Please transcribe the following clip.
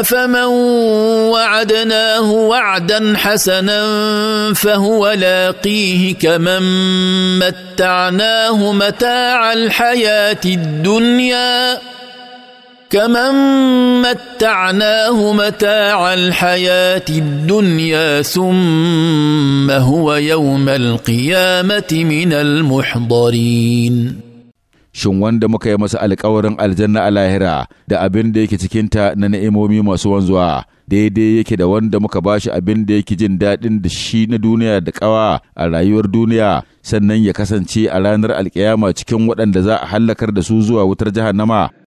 افمن وعدناه وعدا حسنا فهو لاقيه كمن متعناه متاع الحياه الدنيا كمن متعناه متاع الحياه الدنيا ثم هو يوم القيامه من المحضرين shin wanda muka yi masa alkawarin aljanna a lahira da abin da yake cikinta na na'imomi masu wanzuwa daidai yake da wanda muka ba shi abin da yake jin daɗin da shi na duniya da ƙawa a rayuwar duniya sannan ya kasance a ranar alkiyama cikin waɗanda za a hallakar da su zuwa wutar jahannama